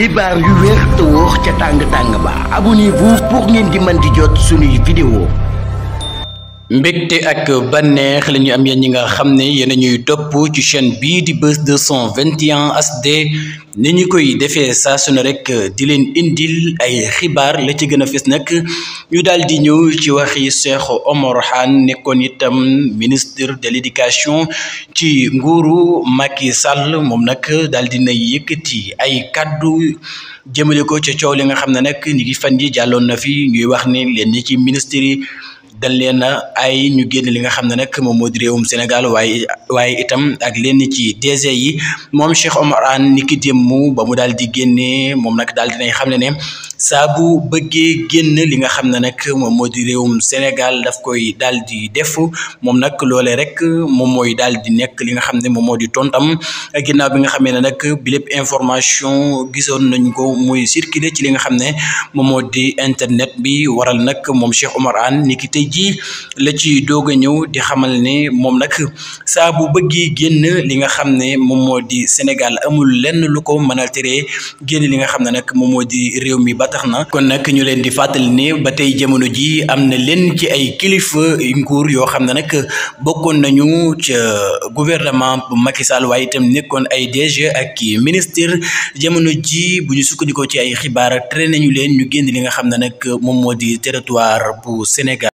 xibaar yu wér te wóor ca tàng tàng ba abonnez-vous pour ngeen di mën di jot suñuy vidéo mbégte ak banneex la ñu am yéen ñi nga xam ne yéen ñuy topp ci chaîne bii di Buzz 221 HD ni ñu koy defee saa rek di leen indil ay xibaar la ci gën a fës nag ñu daal di ñëw ci waxi Cheikh omor Anne nekkoon itam ministre de l'éducation ci nguuru Macky Sall moom nag daal di na yëkkati ay kaddu jëmale ko ci coow li nga xam ne nag ñu ngi fan yi jàlloon na fi ñuy wax ni leen ni ci ministère yi. dañ leen ay ñu génn li nga xam ne nag moom moo di réewum Sénégal waaye waaye itam ak lenn ci dése yi moom Cheikh Omar Anne ni ki démb ba mu daal di génnee moom nag daal dinay xam ne ne saa bëggee génn li nga xam ne nag moom moo di réewum Sénégal daf koy daal di def moom nag loolee rek moom mooy daal di nekk li nga xam ne moom moo di tontam ginnaaw bi nga xamee ne nag bi lépp information gisoon nañ ko muy circuler ci li nga xam ne moom moo di internet bi waral nag moom Cheikh Omar Anne ni tey ji la ci doog a ñëw di xamal ne moom nag saa bu bëggee génn li nga xam ne moom moo di Sénégal amul lenn lu ko mën a teree génn li nga xam ne nag moom moo di réew mi ba tax na kon nag ñu leen di fàttali ne ba tey jamono ji am na leen ci ay kilifa nguur yoo xam ne nag bokkoon nañu ca gouvernement bu Macky Sall waaye itam nekkoon ay DG ak ministre jamono ji bu ñu sukkandikoo ci ay xibaar tere nañu leen ñu génn li nga xam ne nag moom moo di territoire bu Sénégal